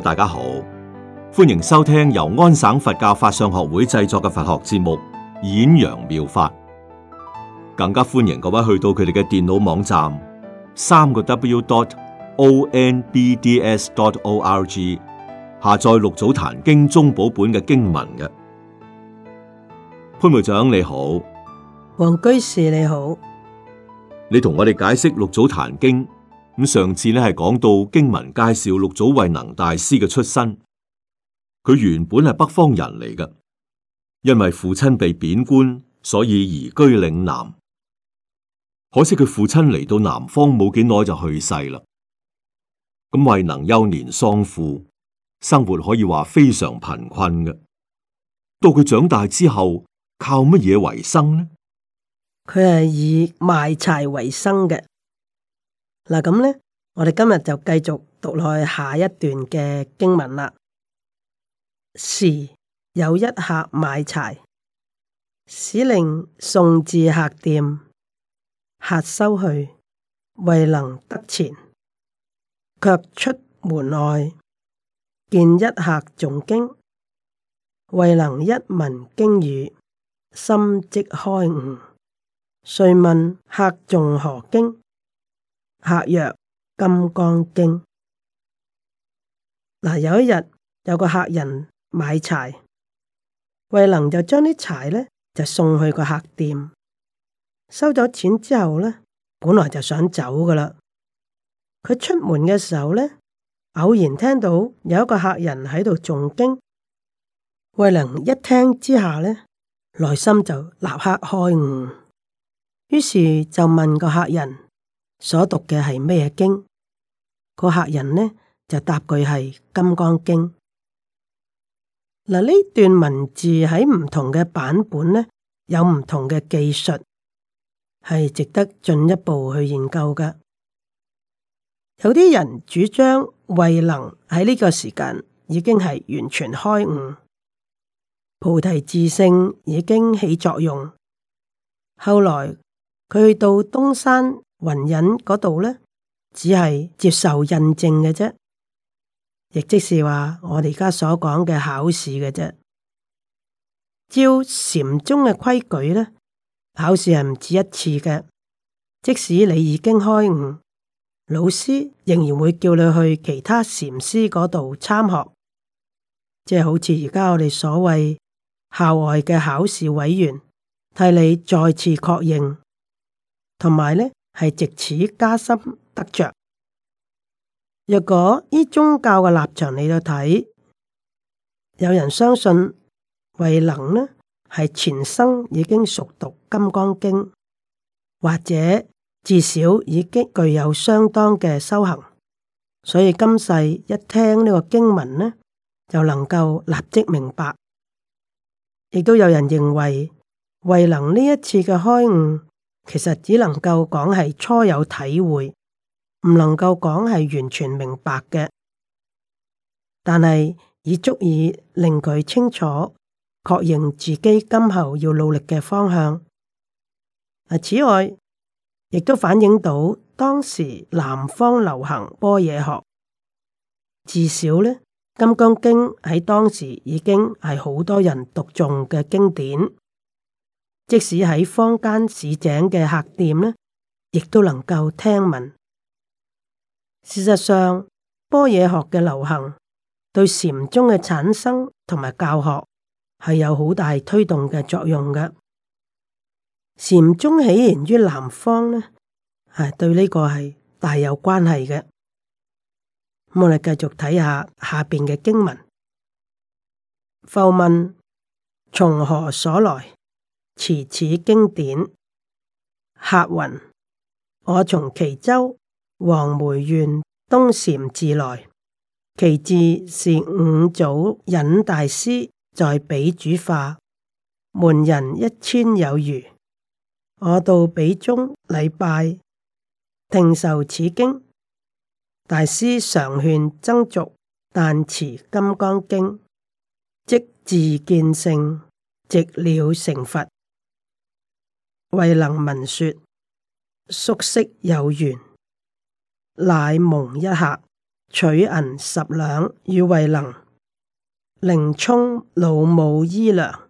大家好，歡迎收聽由安省佛教法上學會製作嘅佛學節目《演揚妙法》，更加歡迎各位去到佢哋嘅電腦網站三個 W 點 O N B D S 點 O R G 下載《六祖壇經》宗寶本嘅經文嘅。潘會長你好，黃居士你好，你同我哋解釋《六祖壇經》。咁上次咧係講到經文介紹六祖慧能大師嘅出身，佢原本係北方人嚟嘅，因為父親被貶官，所以移居嶺南。可惜佢父親嚟到南方冇幾耐就去世啦。咁慧能幼年喪父，生活可以話非常貧困嘅。到佢長大之後，靠乜嘢為生呢？佢係以賣柴為生嘅。嗱，咁呢，我哋今日就繼續讀落去下一段嘅經文啦。時有一客買柴，使令送至客店，客收去，未能得錢，卻出門外見一客誦經，未能一聞經語，心即開悟。遂問客誦何經？客若《金剛經》，嗱，有一日，有個客人買柴，慧能就將啲柴呢就送去個客店，收咗錢之後呢，本來就想走噶啦。佢出門嘅時候呢，偶然聽到有一個客人喺度誦經，慧能一聽之下呢，內心就立刻開悟，於是就問個客人。所讀嘅係咩經？個客人呢就答佢係《金剛經》。嗱呢段文字喺唔同嘅版本呢，有唔同嘅技術，係值得進一步去研究㗎。有啲人主張慧能喺呢個時間已經係完全開悟，菩提自性已經起作用。後來佢去到東山。雲隱嗰度呢，只係接受印證嘅啫，亦即是話我哋而家所講嘅考試嘅啫。照禪宗嘅規矩呢，考試係唔止一次嘅，即使你已經開悟，老師仍然會叫你去其他禪師嗰度參學，即係好似而家我哋所謂校外嘅考試委員，替你再次確認，同埋呢。係藉此加深得着。若果依宗教嘅立場嚟到睇，有人相信慧能呢係前生已經熟讀金剛經，或者至少已經具有相當嘅修行，所以今世一聽呢個經文呢，就能夠立即明白。亦都有人認為慧能呢一次嘅開悟。其實只能夠講係初有體會，唔能夠講係完全明白嘅，但係已足以令佢清楚確認自己今後要努力嘅方向。此外亦都反映到當時南方流行般若學，至少呢《金剛經》喺當時已經係好多人讀誦嘅經典。即使喺坊間市井嘅客店呢，亦都能夠聽聞。事實上，般若學嘅流行對禪宗嘅產生同埋教學係有好大推動嘅作用嘅。禪宗起源於南方呢，係對呢個係大有關係嘅。咁我哋繼續睇下下邊嘅經文。浮問從何所來？持此經典，客云：我從蘄州黃梅縣東禪寺來，其寺是五祖忍大師在彼主化，門人一千有餘。我到彼中禮拜，聽受此經，大師常勸僧俗，但持金剛經，即自見性，直了成佛。慧能聞說，宿昔有緣，乃蒙一客取銀十兩與慧能，令充老母衣糧，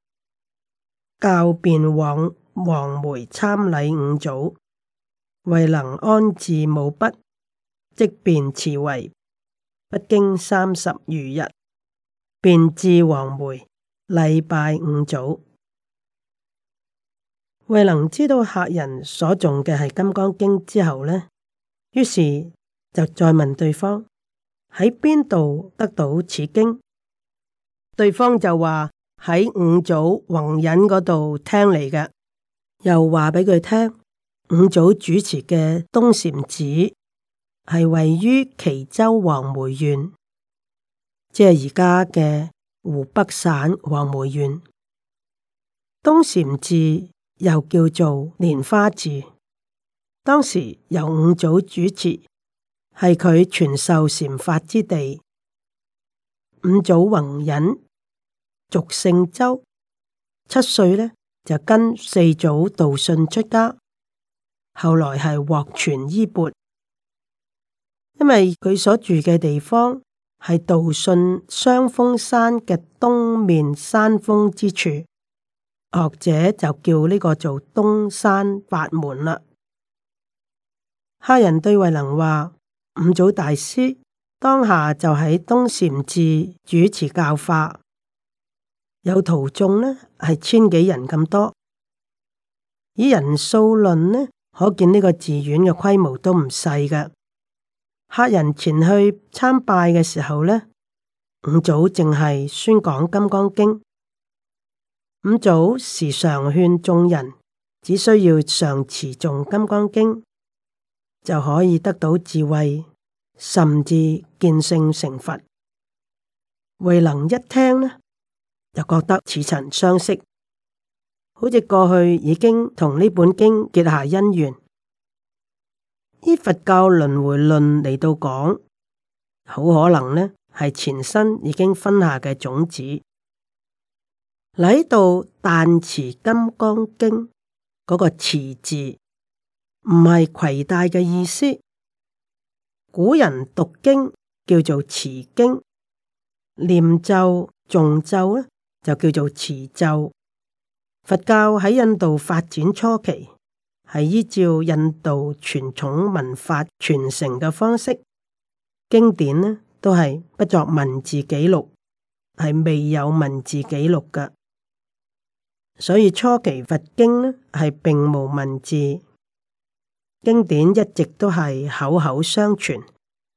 教便往黃梅參禮五祖。慧能安置母畢，即便辭違。不經三十餘日，便至黃梅禮拜五祖。未能知道客人所中嘅係《金剛經》之後呢，於是就再問對方喺邊度得到此經？對方就話喺五祖弘忍嗰度聽嚟嘅，又話俾佢聽，五祖主持嘅東禪寺係位於蘄州黃梅縣，即係而家嘅湖北省黃梅縣東禪寺。又叫做蓮花寺，當時由五祖主持，係佢傳授禪法之地。五祖弘忍，俗姓周，七歲呢就跟四祖道信出家，後來係獲傳衣缽，因為佢所住嘅地方係道信雙峰山嘅東面山峰之處。學者就叫呢個做東山法門啦。客人對慧能話：五祖大師當下就喺東禪寺主持教法，有徒眾呢係千幾人咁多，以人數論呢，可見呢個寺院嘅規模都唔細㗎。客人前去參拜嘅時候呢，五祖淨係宣講金剛經。五祖時常勸眾人，只需要常持誦《金剛經》，就可以得到智慧，甚至見性成佛。慧能一聽呢，就覺得似曾相識，好似過去已經同呢本經結下因緣。依佛教輪迴論嚟到講，好可能呢係前身已經分下嘅種子。嚟度，到但持金剛經嗰個持字唔係攜帶嘅意思。古人讀經叫做持經，念咒重咒呢就叫做持咒。佛教喺印度發展初期，係依照印度傳統文法傳承嘅方式，經典呢都係不作文字記錄，係未有文字記錄嘅。所以初期佛經呢係並無文字，經典一直都係口口相傳，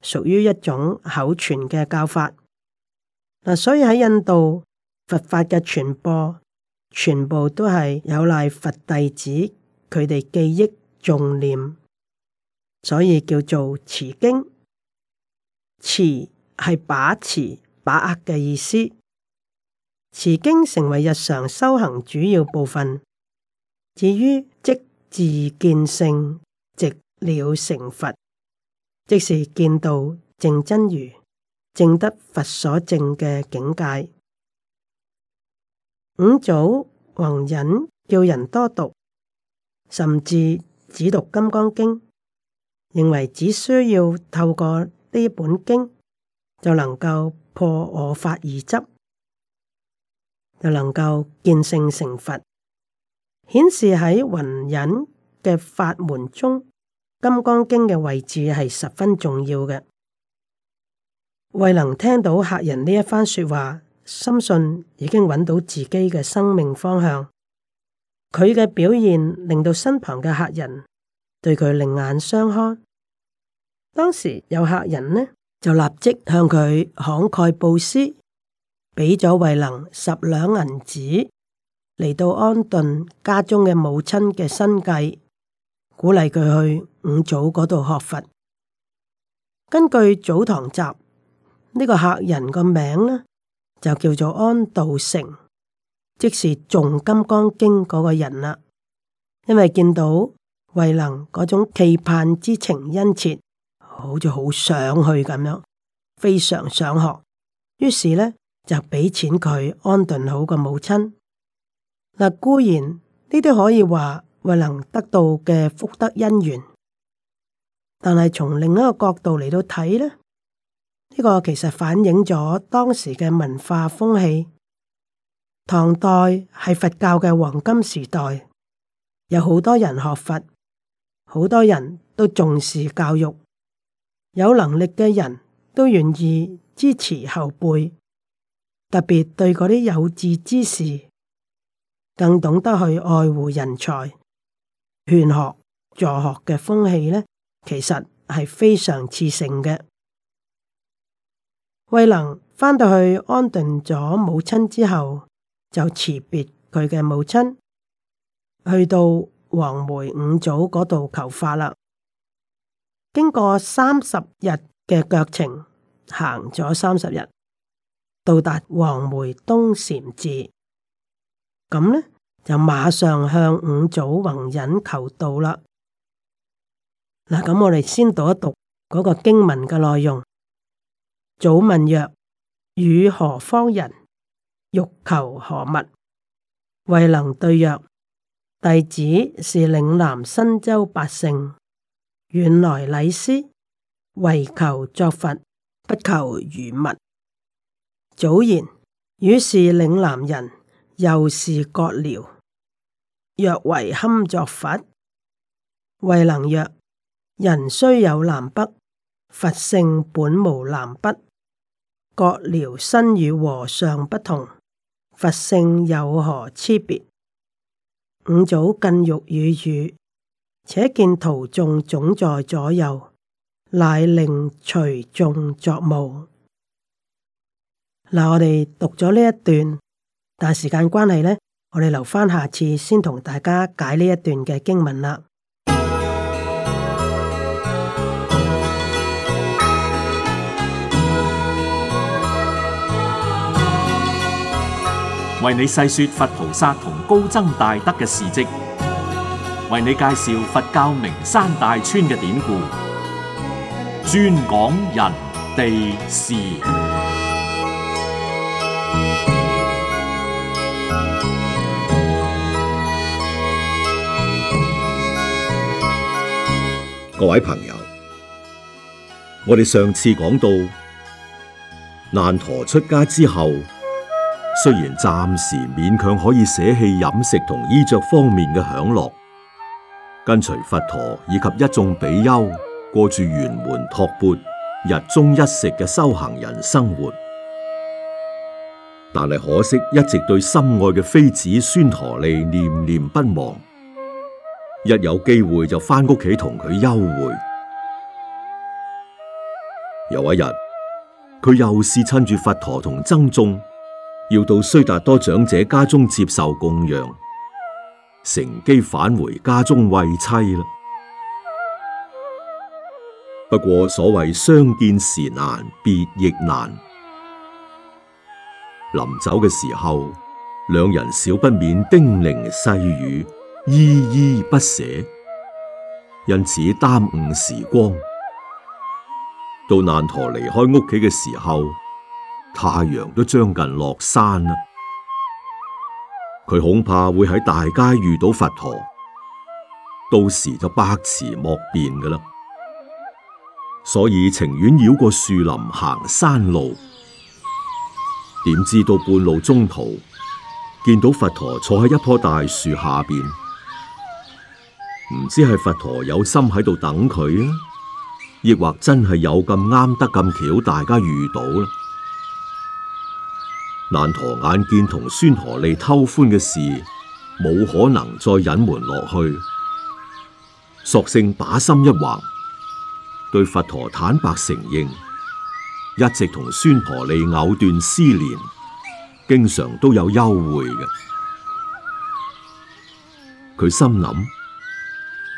屬於一種口傳嘅教法。嗱,所以喺印度佛法嘅傳播，全部都係有賴佛弟子佢哋記憶誦念，所以叫做持經。持係把持、把握嘅意思。持經成為日常修行主要部分。至於即自見性，直了成佛，即是見到正真如、正得佛所正」嘅境界。五祖弘忍叫人多讀，甚至只讀《金剛經》，認為只需要透過呢本經就能夠破我法二執。又能夠見性成佛，顯示喺雲隱嘅法門中，《金剛經》嘅位置係十分重要嘅。惠能聽到客人呢一番説話，深信已經揾到自己嘅生命方向。佢嘅表現令到身旁嘅客人對佢另眼相看。當時有客人呢，就立即向佢慷慨布施。俾咗慧能十兩銀紙，嚟到安頓家中嘅母親嘅生計，鼓勵佢去五祖嗰度學佛。根據《祖堂集》這，呢個客人個名呢就叫做安道成，即是誦金剛經嗰個人啦。因為見到慧能嗰種期盼之情殷切，好似好想去咁樣，非常想學，於是呢。就俾錢佢安頓好個母親。嗱，固然呢啲可以話為能得到嘅福德姻緣，但係從另一個角度嚟到睇呢，呢、呢個其實反映咗當時嘅文化風氣。唐代係佛教嘅黃金時代，有好多人學佛，好多人都重視教育，有能力嘅人都願意支持後輩。特別對嗰啲有志之士，更懂得去愛護人才、勸學、助學嘅風氣呢，其實係非常熾盛嘅。慧能翻到去安頓咗母親之後，就辭別佢嘅母親，去到黃梅五祖嗰度求法啦。經過三十日嘅腳程，行咗三十日。到達黃梅東禪寺，咁呢就馬上向五祖弘忍求道啦。嗱，咁我哋先讀一讀嗰個經文嘅內容。祖問曰：汝何方人，欲求何物？慧能對曰：弟子是嶺南新州百姓，遠來禮師，為求作佛，不求餘物。祖言：汝是嶺南人又是獦獠，若為堪作佛？惠能曰：「人雖有南北，佛性本無南北，獦獠身與和尚不同，佛性有何差別？五祖更欲與語，且見徒眾總在左右，乃令隨眾作務。嗱，我哋讀咗呢一段，但係時間關係呢，我哋留翻下，下次先同大家解呢一段嘅經文啦。為你細說佛菩薩、同高僧大德嘅事跡，為你介紹佛教名山大川嘅典故，專講人地事。各位朋友，我哋上次講到難陀出家之後，雖然暫時勉強可以捨棄飲食同衣着方面嘅享樂，跟隨佛陀以及一眾比丘過住圓門托缽、日中一食嘅修行人生活，但係可惜一直對心愛嘅妃子孫陀利念念不忘。一有機會就返屋企同佢幽會。有一日，佢又係趁住佛陀同僧眾要到須達多長者家中接受供養，乘機返回家中慰妻啦。不過，所謂相見時難，別亦難。臨走嘅時候，兩人少不免叮嚀細語。依依不捨，因此耽誤時光。到難陀離開屋企嘅時候，太陽都將近落山啦。佢恐怕會喺大街遇到佛陀，到時就百詞莫辯㗎喇。所以情願繞過樹林行山路。點知到半路中途，見到佛陀坐喺一棵大樹下邊。唔知係佛陀有心喺度等佢啊，亦或真係有咁啱得咁巧，大家遇到啦。難陀眼見同孫何利偷歡嘅事，冇可能再隱瞞落去，索性把心一橫，對佛陀坦白承認，一直同孫何利藕斷絲連，經常都有幽會嘅。佢心諗。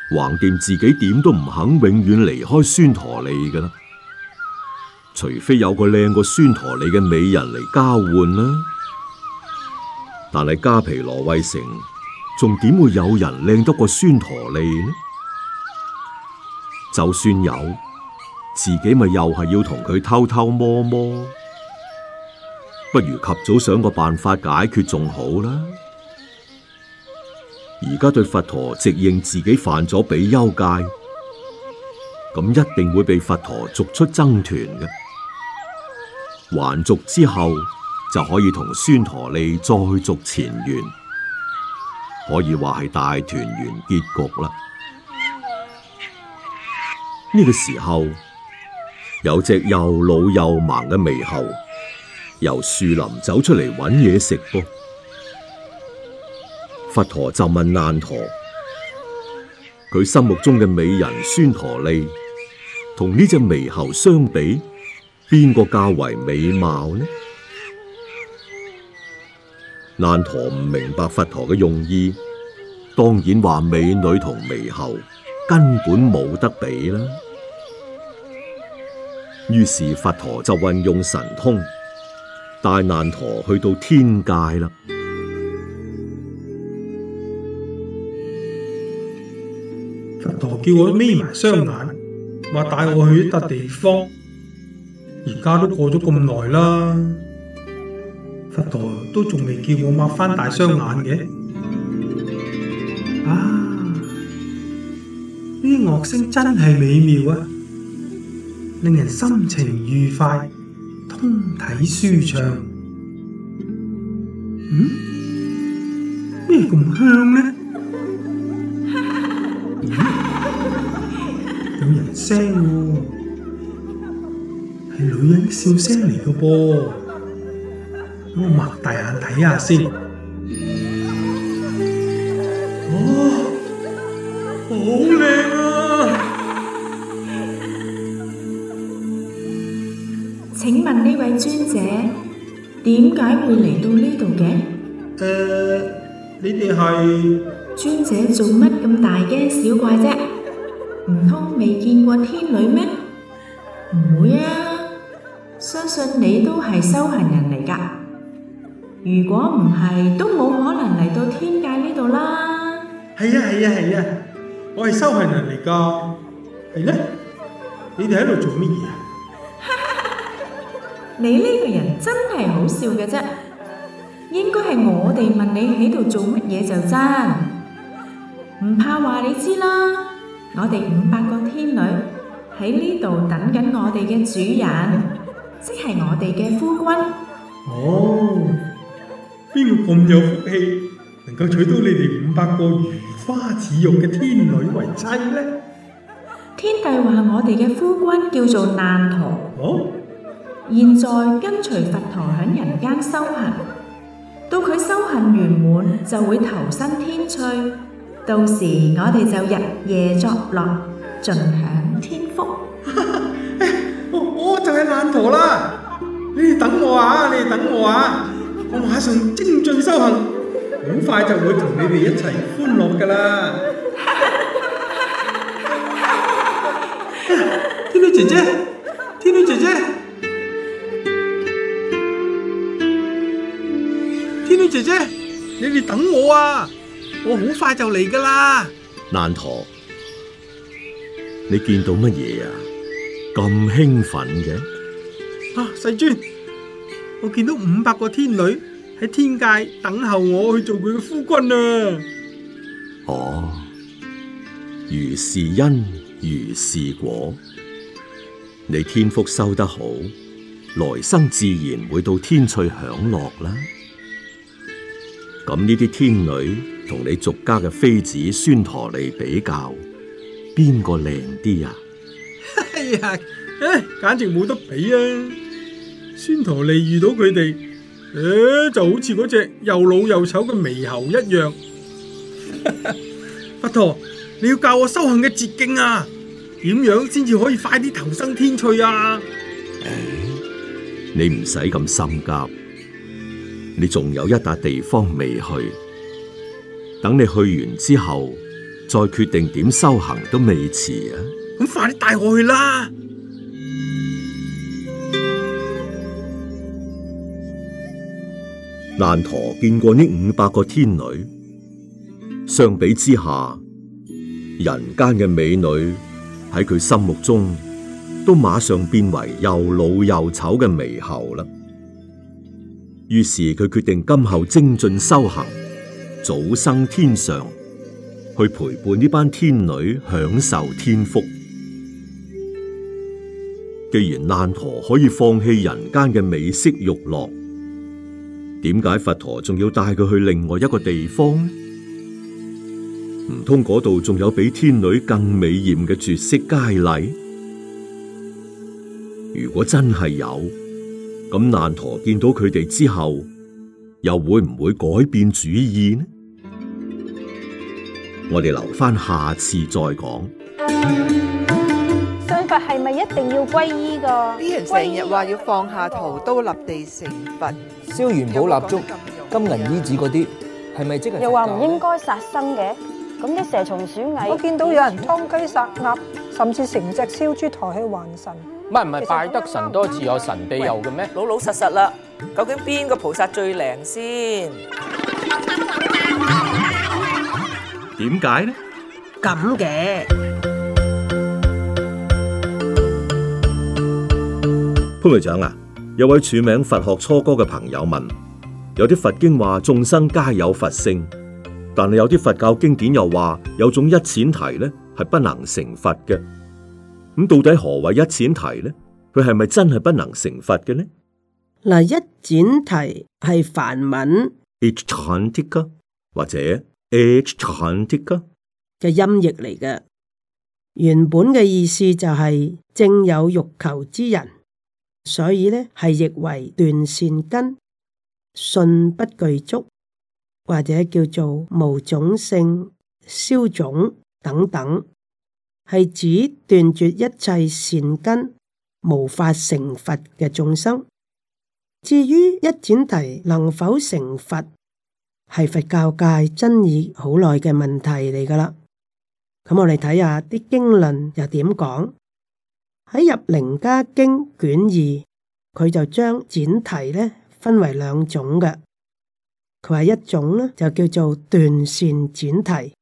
橫掂自己點都唔肯永遠離開孫陀利㗎啦，除非有個靚過孫陀利嘅美人嚟交換啦。但係加皮羅衛城仲點會有人靚得過孫陀利呢？就算有，自己咪又係要同佢偷偷摸摸，不如及早想個辦法解決仲好啦。而家對佛陀直認自己犯咗比丘戒，咁一定會被佛陀逐出僧團嘅。還俗之後就可以同孫陀利再續前緣，可以話係大團圓結局啦。呢個時候有隻又老又盲嘅獼猴由樹林走出嚟搵嘢食噃。佛陀就問難陀：佢心目中嘅美人孫陀利，同呢隻獼猴相比，邊個較為美貌呢？難陀唔明白佛陀嘅用意，當然話美女同獼猴根本冇得比啦。於是佛陀就運用神通，帶難陀去到天界啦。佛陀叫我眯埋雙眼，話帶我去一笪地方。而家都過咗咁耐啦，佛陀都仲未叫我擘翻大雙眼嘅。啊！呢啲樂聲真係美妙啊，令人心情愉快，通體舒暢。嗯？咩咁香呢？聲喎，係女人的笑聲嚟噶噃，我擘大眼睇下先。哦，好靚啊！請問呢位尊者，點解會嚟到呢度嘅？誒，你哋係尊者做乜咁大驚小怪啫？唔通未見過天女咩？唔會啊！相信你都係修行人嚟噶。如果唔係，都冇可能嚟到天界呢度啦。係啊係啊係啊！我係修行人嚟噶。係咧，你哋喺度做乜嘢？哈哈哈。你呢個人真係好笑嘅啫。應該係我哋問你喺度做乜嘢就真。唔怕話你知啦。我哋五百個天女喺呢度等緊我哋嘅主人，即係我哋嘅夫君。哦，邊個咁有福氣，能夠娶到你哋五百個如花似玉嘅天女為妻呢？天帝話我哋嘅夫君叫做難陀，哦，現在跟隨佛陀響人間修行，到佢修行圓滿就會投身天趣。到時我哋就日夜作樂，盡享天福。我我就係難陀啦，你哋等我啊！你哋等我啊！我馬上精進修行，好快就會同你哋一齊歡樂噶啦！天女姐姐，天女姐姐，天女姐姐，你哋等我啊！我好快就嚟㗎喇！難陀，你見到乜嘢啊？咁興奮嘅？啊，世尊，我見到五百個天女喺天界等候我去做佢嘅夫君啊！哦，如是因如是果，你天福收得好，來生自然會到天趣享樂啦。咁呢啲天女，同你俗家嘅妃子孫陀利比較，邊個靚啲啊？ 哎呀，簡直冇得比啊！孫陀利遇到佢哋，誒、哎，就好似嗰隻又老又醜嘅獼猴一樣。 佛陀，你要教我修行嘅捷徑啊？點樣先至可以快啲投生天趣啊？哎、你唔使咁心急，你仲有一笪地方未去。等你去完之後，再決定點修行都未遲啊！咁快啲帶我去啦！難陀見過呢五百個天女，相比之下，人間嘅美女喺佢心目中都馬上變為又老又醜嘅獼猴啦。於是佢決定今後精進修行。早生天上去陪伴呢班天女享受天福。既然難陀可以放棄人間嘅美色欲樂，點解佛陀仲要帶佢去另外一個地方呢？唔通嗰度仲有比天女更美艷嘅絕色佳麗？如果真係有，咁難陀見到佢哋之後，又會唔會改變主意呢？我哋留翻下，下次再講。信佛係咪一定要皈依噶？成日話要放下屠刀立地成佛，燒元寶蠟燭、金銀衣紙嗰啲，係咪、啊、即係？又話唔應該殺生嘅，咁啲蛇蟲鼠蟻，我見到有人殺雞殺鴨，甚至成隻燒豬抬去還神。唔係唔係，拜得神多自有神庇佑嘅咩？老老實實啦，究竟邊個菩薩最靚先？點解呢？咁嘅潘隊長啊，有位署名佛學初哥嘅朋友問：有啲佛經話眾生皆有佛性，但係有啲佛教經典又話有種一闡提咧，係不能成佛嘅。咁、嗯、到底何謂一闡提呢？佢係咪真係不能成佛嘅呢？嗱，一闡提係梵文，或者。係長啲噶嘅音譯嚟嘅，原本嘅意思就係正有欲求之人，所以呢係譯為斷善根、信不具足，或者叫做無種性、燒種等等，係指斷絕一切善根，無法成佛嘅眾生。至於一闡提能否成佛？係佛教界爭議好耐嘅問題嚟㗎喇，咁我哋睇下啲經論又點講？喺《入楞伽經卷二》，佢就將闡提呢分為兩種嘅。佢話一種呢，就叫做斷善闡提，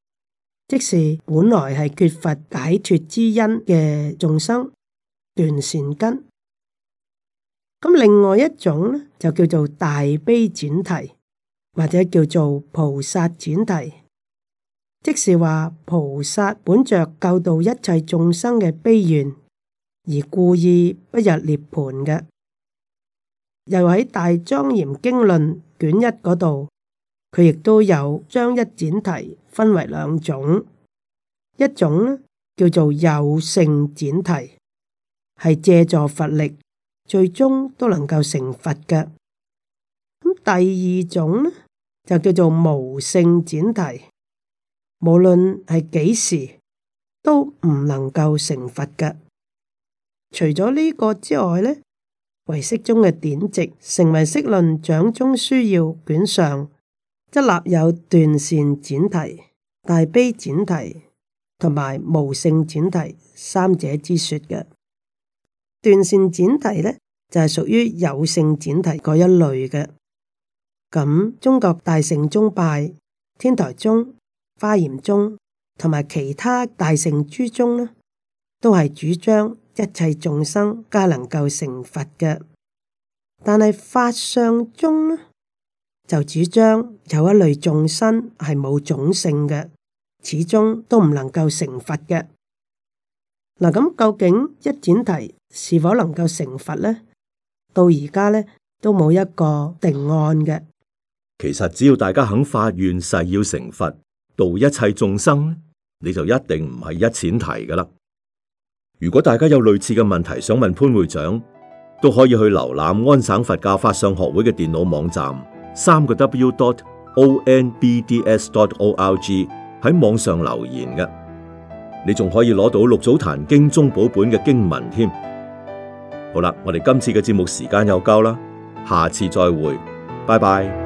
即是本來係缺乏解脫之因嘅眾生斷善根。咁另外一種呢，就叫做大悲闡提。或者叫做菩薩闡提，即是話菩薩本着救度一切眾生嘅悲願而故意不入涅盤嘅。又喺《大莊嚴經論》卷一嗰度，佢亦都有將一闡提分為兩種，一種咧叫做有性闡提，係借助佛力最終都能夠成佛嘅。咁第二種咧。就叫做無性闡提，無論係幾時都唔能夠成佛嘅。除咗呢個之外呢，唯識宗嘅典籍，成唯識論掌中樞要卷上，則立有斷善闡提、大悲闡提同埋無性闡提三者之說嘅。斷善闡提呢，就係、是、屬於有性闡提嗰一類嘅。咁中國大乘宗派天台宗、華嚴宗同埋其他大乘諸宗咧，都係主張一切眾生皆能夠成佛嘅。但係法相宗咧就主張有一類眾生係冇種性嘅，始終都唔能夠成佛嘅。嗱、啊，咁究竟一闡提是否能夠成佛呢？到而家呢，都冇一個定案嘅。其實只要大家肯發願誓要成佛度一切眾生，你就一定唔係一闡提噶啦。如果大家有類似嘅問題想問潘會長，都可以去瀏覽安省佛教法相學會嘅電腦網站，三個 W dot O N B D S dot ORG 喺網上留言嘅。你仲可以攞到六祖壇經宗寶本嘅經文添。好啦，我哋今次嘅節目時間又夠啦，下次再會，拜拜。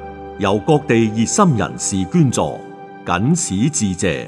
由各地熱心人士捐助，謹此致謝。